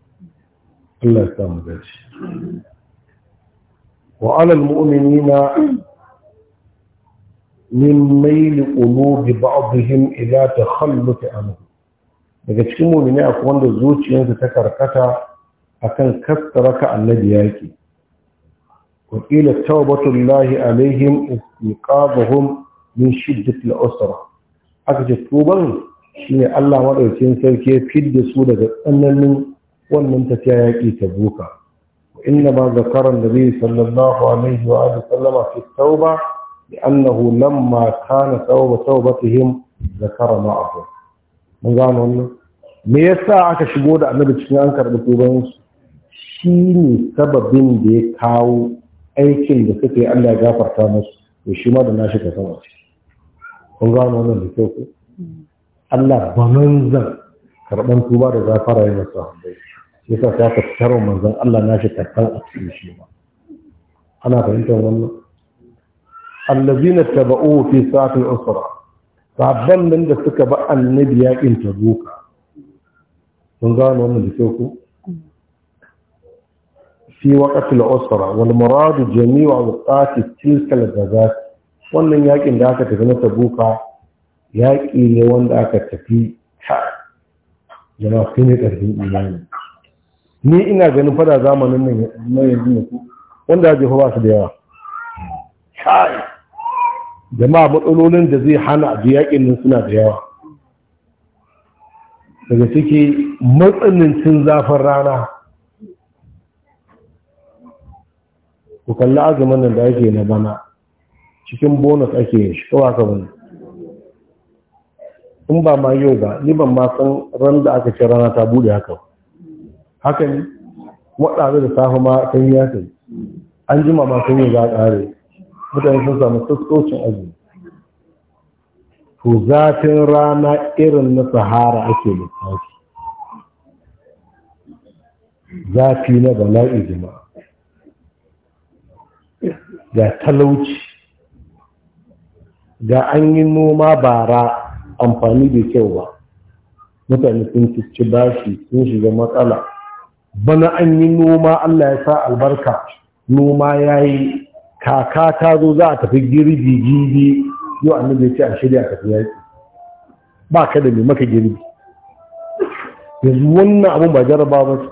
Allah ya samu gashi wa alal mu'minina min maili qulubi ba'dihim ila takhallut anhu daga cikin mu'mini akwai wanda zuciyarsa ta karkata akan kasaraka annabi yake wa qila tawbatullahi alaihim istiqabuhum min shiddati al-usra aka ce tuban ne Allah maɗaukin sarki ya fidda su daga tsananin wannan tafiya yaƙi ta buka inna karan da zai sallallahu alaihi wa alihi sallama fi tauba لأنه لما كان ثوب توبتهم ma abu. mun gano wannan me yasa aka shigo da annabi cikin an karɓi tuban shine sababin da ya kawo aikin da suka yi Allah ya gafarta musu to shi ma da nashi ka sama mun gano wannan da kyau ko Allah ba manzan karɓan tuba da zafara ya masu hambai shi sa ta ka tarwa manzan Allah na shi karɓan a cikin shi ba ana fahimtar wannan allazina taba'u fi sa'atil usra sabban nan da suka ba annabi yakin tabuka mun gano wannan da kyau ko fi waqtil usra wal murad jami'u awqati tilka al wannan yakin da aka tafi na tabuka yaƙi ne wanda aka tafi ta jama'a su ne ƙarfin imani ni ina ganin fada zamanin nan yanzu ne ku wanda ya jefa ba su da yawa jama'a matsalolin da zai hana a yaƙin nan suna da yawa daga ciki matsanancin zafin rana ku kalli azumin nan da ake na bana cikin bonus ake shi kawai ka bane in ba ma yau ba ni ban ma san ran da aka ce rana ta bude haka haka ne waɗanda da safe ma ta yi haka an jima ma sun yi za a ƙare mutane sun samu sassaucin azumi to zafin rana irin na sahara ake lissafi zafi na bala'i jima'a ga talauci ga an yi noma bara amfani da kyau ba mutane sun ci bashi sun shiga matsala bana an yi noma Allah ya sa albarka noma ya yi kaka ta zo za a tafi girbi jibi yau annabi ya ce a shirya tafi yaƙi ba ka da maka girbi yanzu wannan abin ba jaraba ba ce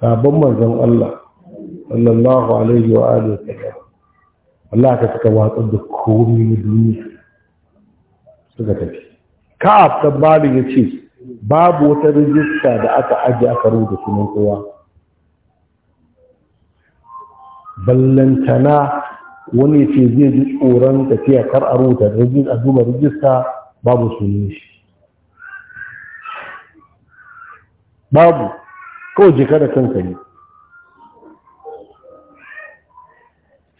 sabon manzon Allah sallallahu alaihi wa alihi wa sallam Allah ka suka watsar da komi na duniya suka tafi ka'ab dan malik ya ce babu wata rijista da aka ajiye aka rubuta sunan kowa ballantana wani ce zai ji tsoron tafiya kar a rubuta a duba rijista babu sunan shi babu kawai je da kanka ne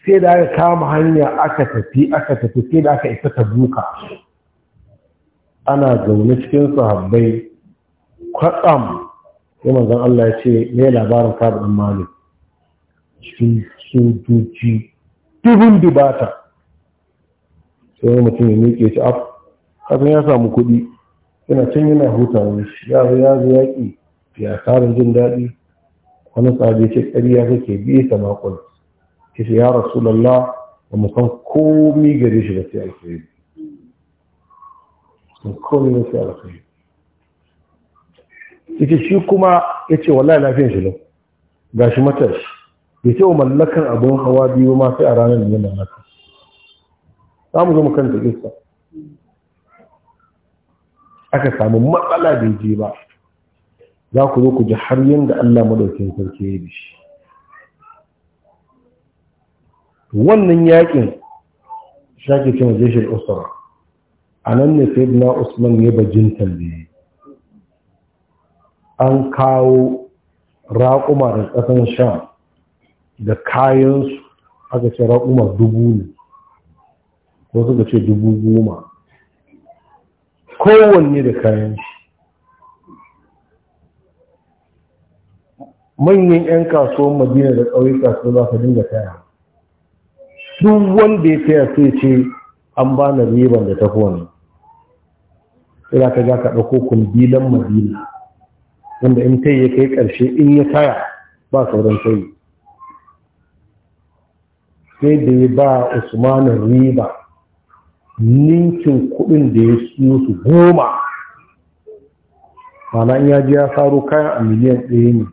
sai da aka kama hanya aka tafi aka tafi sai da aka isa tabuka ana zaune cikin sahabbai kwatsam sai manzon Allah ya ce me labarin kabu ɗan malik cikin sojoji dubin dubata sai wani mutum ya miƙe ci af kasan ya samu kuɗi yana can yana hutawa shi ya zo ya zo yaƙi ya tarin jin daɗi wani tsari ce ƙarya kake biye ta makon kisa ya rasulullah ba mu san komi gare shi ba sai alkhairi komi ne sai alkhairi ita shi kuma ya ce wallahi lafiyan shi lau ga shi matashi ya ce wa mallakan abin hawa biyu ma sai a ranar da ya mallaka za mu zo mu kanta isa aka samu matsala bai je ba za ku zo ku ji har yanda Allah madaukin sarki ya yi shi wannan yakin shaki ce mace shi usra a nan ne sai na usman ne bajin tambaye an kawo raƙuma da ƙasan sha da kayansu aka ce raƙuma dubu ne ko suka ce dubu goma kowanne da kayan shi manyan 'yan kasuwan madina da ƙauyuka su za su dinga taya duk wanda ya taya sai ce an ba na riban da ta wani sai za ka ga ka ɗauko kumbilan madina wanda in ta ya kai ƙarshe in ya taya ba sauran sai sai da ya ba usmanin riba ninkin kuɗin da ya siyo su goma mana in ya ji ya saro kayan a miliyan ɗaya ne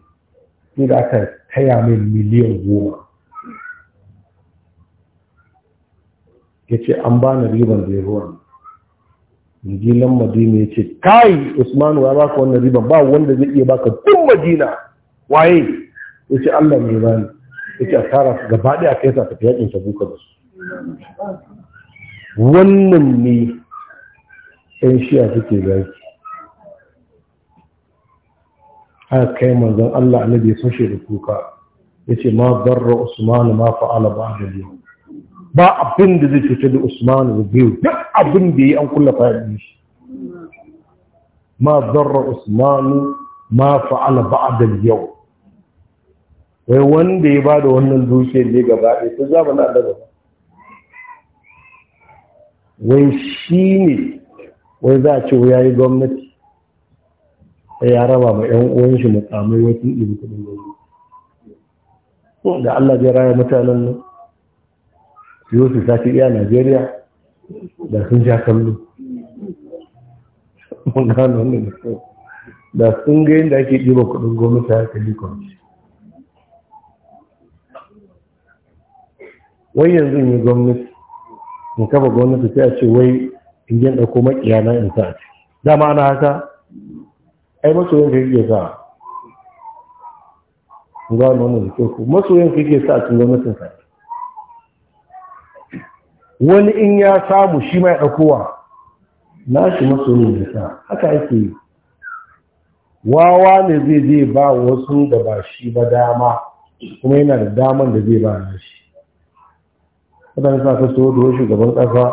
sai da aka taya mai miliyan goma ya ce an ba ni riban zeruwan jilan madina ya ce kai usmanu ya baka wannan riban ba wanda zai iya baka duk madina waye ya ce allah mai bani ya ce a tara su gaba ɗaya kai sa tafi buka tabuka da su wannan ne yan shiya suke zaki a kai manzon allah annabi ya sashe da kuka ya ce ma barra usmanu ma fa'ala ba a ba abin da zai cutar da Usman Rubiyu duk abin da yi an kulla fayar shi ma zarra Usman ma fa'ala ba'da yau wai wanda ya bada wannan dukiyar ne gaba ɗaya ta zama na daga wai shi ne wai za a ce ya yi gwamnati sai ya raba ma 'yan uwan shi mutsamai wasu ɗin kuɗin gwamnati da Allah zai raya mutanen nan yosu ta fi iya najeriya da sun sha kallo mun gano wannan da su. da sun ga yadda ake ɗiba kuɗin gwamnati kalli likon wai yanzu ne gwamnati in kafa gwamnati sai a ce wai in yi ɗauko makiya na in sa ce dama ana haka ai masoyan ka yake sa gano wannan da su. Masoyan ka yake sa a cikin gwamnatin sa wani in ya samu shi mai ɗaukowa na shi masoyin sa, haka ake yi wawa ne zai je ba wasu da ba shi ba dama kuma yana da daman da zai ba na shi wadanda sa ta so da shugaban ƙasa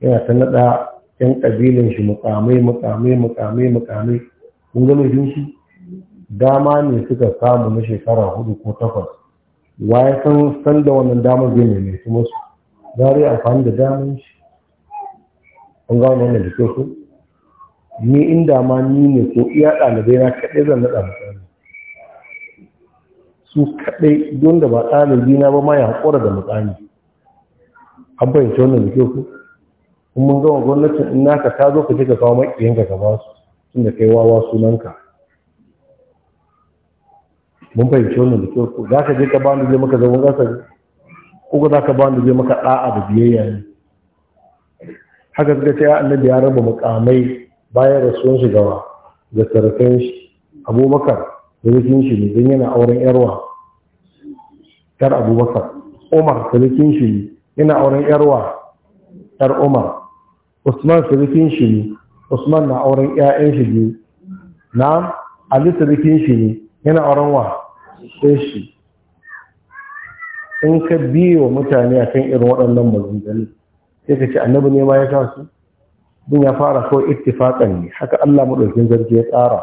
yana ta naɗa 'yan ƙabilin shi mukamai mukamai mukamai mukamai kun ga shi dama ne suka samu na shekara hudu ko takwas wa ya san san da wannan damar zai nemi su zari amfani da damun shi an gano wannan da kyau ni inda ma ni ne ko iya ɗalibai na kaɗai zan naɗa misali su kaɗai don da ba ɗalibi na ba ma ya haƙura da mutsani an fahimci wannan da kyau kuma mun gama gwamnatin in naka ta zo ka je ka kawo maƙiyanka ka ba su tunda kai wawa sunanka mun fahimci wannan da kyau za ka je ka ba ni je maka zama za ka uku za ka ba wanda zai maka ɗa'a da biyayya ne haka suka ce annabi ya raba mukamai bayan rasuwan shi gawa da sarrafin shi abubakar da zikin shi ne don yana auren yarwa yar abubakar umar da zikin shi ne yana auren yarwa yar umar usman da zikin shi ne usman na auren 'ya'yan shi ne. na ali da zikin shi ne yana auren wa sai shi in ka biyo mutane a kan irin waɗannan maganganu sai ka ce annabi ne ma ya sa su din ya fara kawai ittifaƙan ne haka Allah maɗaukin zarge ya tsara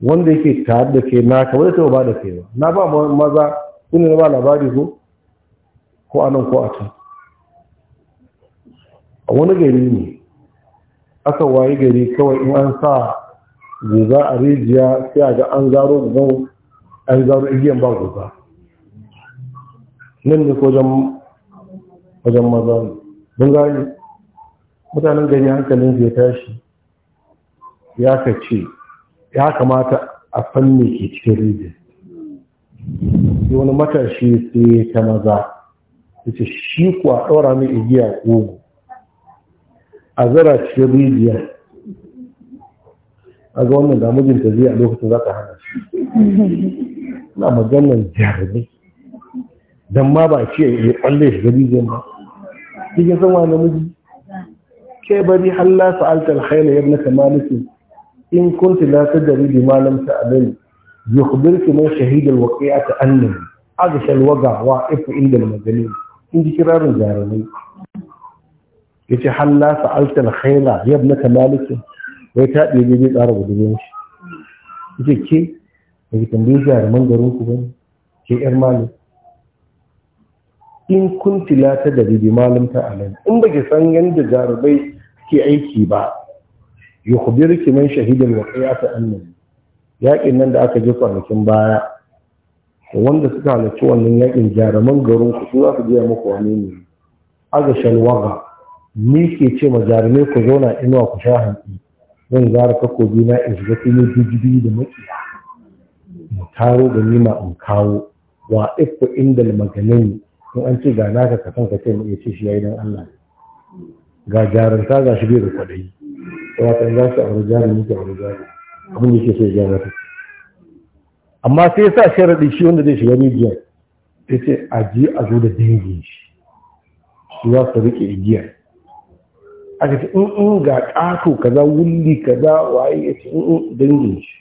wanda yake tare da kai naka wanda ta ba da kai ba na ba maza ne ba labari ko ko anan ko a can a wani gari ne aka waye gari kawai in an sa guza a rijiya sai a ga an zaro guzan an zaro igiyan ba guza. nan ne ko wajen maza ne don gani mutanen gari hankalin zai tashi ya ka ce ya kamata a fanni ke cikin rijin sai wani matashi sai ta maza ta ce shi kuwa ɗaura mai igiya ƙogo a zara cikin rijiyar a ga wannan ta zai a lokacin za ta hana shi na maganar jarumi don ma ba ce ya kwalle shi gari zai ma cikin zama namiji ke bari halla altar haila ya ibnaka maliki in kunti la tadri bi ma lam ta'lam yukhbiruki man shahid alwaqi'ati annam shalwa ga wa ifu inda magani in ji kirarin jarumai ce halla haila haila ya ibnaka maliki wai ta ɗaya zai tsara gudun shi ce ke da tambayi jaruman garin ku bane ke yar maliki in kuntila tilata ta da ribi malam ta alam in ba ki san yadda jarabai ke aiki ba yukhbiruki man kai waqi'ata annan Yaƙin nan da aka je kwanakin baya wanda suka halarci wannan yaƙin jaruman garin ku su za su biya muku wani ne aga shalwaga ni ke ce ma jarumai ku zauna inuwa ku sha hanki zan zara takobi na in shiga fili bijibi da makiya mu taro da nima in kawo wa ifu indal maganin Kun an ce ga naka ka san ka ce mu ce shi yayin Allah ga jarunta ga shi bai da kwadayi wata in za su aure ne ta aure jari, abin da ke so ya mata amma sai ya sa sharadi shi wanda zai shiga rijiyar ya ce a je a zo da dangin shi su za su riƙe igiyar aka ce in mm, in mm, ga ƙato kaza wulli kaza waye ya ce in mm, in dangin shi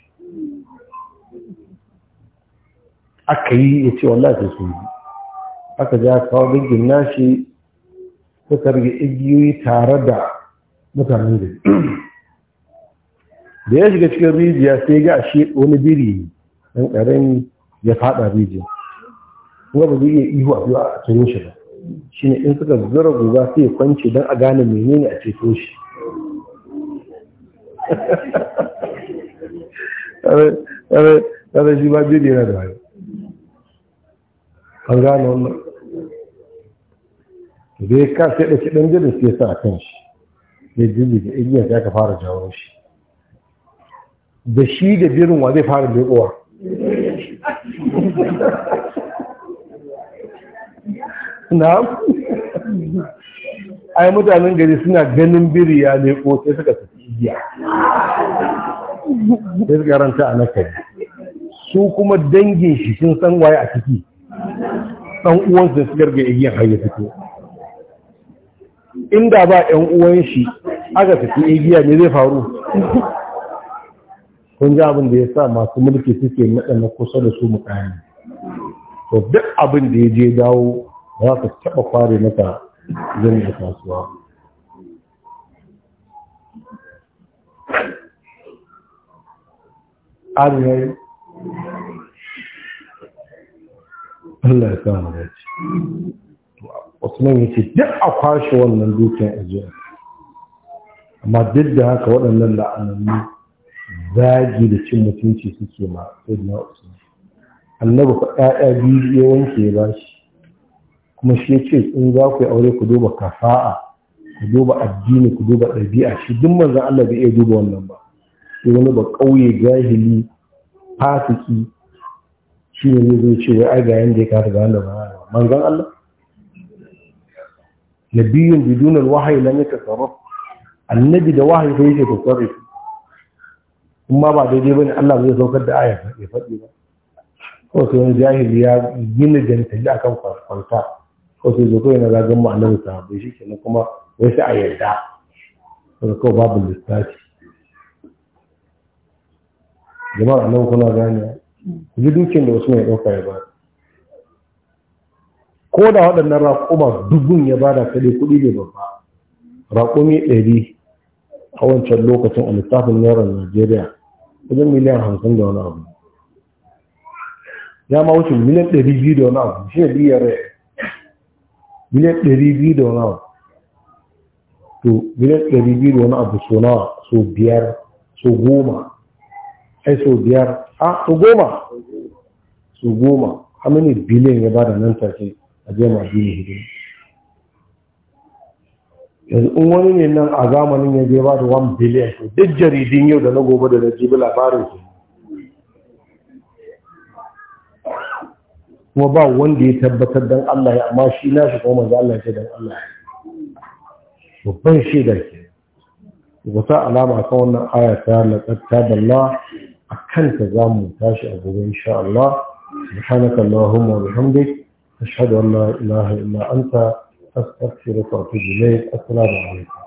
aka yi ya ce wallahi sai sun yi aka ja kawo dukkan nashi suka rage igiyoyi tare da mutanen da da ya shiga cikin rijiya sai ga shi wani biri ɗan ƙarin ya faɗa rijiya kuma ba zai iya ihu a biyu a turin shi ba shi ne in suka zura guga sai ya kwance don a gane menene a ceto shi ƙarar shi ba biri yana da wani an gane wannan zai ka sai shi ɗan jirgin sai sa a kan shi ya jirgin igiyar ya ka fara jawo shi da shi da birin wa zai fara leƙowa na ai mutanen gari suna ganin biri ya leƙo sai suka tafi igiya sai suka ranta a nakari su kuma dangin shi sun san waye a ciki ɗan uwansa su garga igiyar har ya fito inda ba ɗan uwan shi aka tafi igiya ne zai faru kun ji abin da ya sa masu mulki suke naɗa kusa da su mukami to duk abin da ya je dawo za ka taɓa kware maka zan da kasuwa ne, Allah ya sa mu Osman ya yace duk a kwashe wannan dukiyar ajiyar. amma duk da haka waɗannan la'anannu zagi da cin mutunci suke ma sayyidina Usman annabi fa ƴaƴa biyu ya wanke ya bashi kuma shi ya ce in za ku yi aure ku duba kafa'a ku duba addini ku duba ɗabi'a shi duk manzan Allah bai iya duba wannan ba sai wani ba ƙauye jahili fasiki shi ne zai ce ya aiga yadda ya kata ga wanda ba manzan Allah biyun bidunar wahayi lan yake tsarraf annabi da wahayi sai yake tsarraf kuma ba daidai ba ne Allah zai saukar da aya ya faɗi ba ko sai wani jahili ya gina dantali akan kwanta ko sai zo kai na zagan mu annabi sahabbai shikenan kuma wai sai a yarda ko kawo babu lissafi jama'a nan kuna gane ji dukiyar da wasu mai ɗauka ya ba. ko da waɗannan raƙuma dubun ya da kaɗai kuɗi ne babba raƙumi ɗari a wancan lokacin a littafin naira najeriya wajen miliyan hamsin da wani abu ya ma wuce miliyan ɗari biyu da wani abu shi ne biyar miliyan ɗari biyu da wani abu to miliyan ɗari biyu da wani abu so nawa so biyar so goma ai so biyar a ah, su goma su goma how many billion ya bada nan take a jama biyu hudu? yanzu in wani ne nan a zamanin ya je ba da wani billion to duk jaridin yau da na gobe da na jibi labarin su kuma ba wanda ya tabbatar don Allah ya amma shi na shi kuma zai Allah ya don Allah babban da ke wata alama kan wannan aya ta laqad a kanta za mu tashi a gobe insha Allah subhanaka allahumma wa bihamdik ashhadu an la ilaha illa anta astaghfiruka wa atubu ilayk assalamu alaikum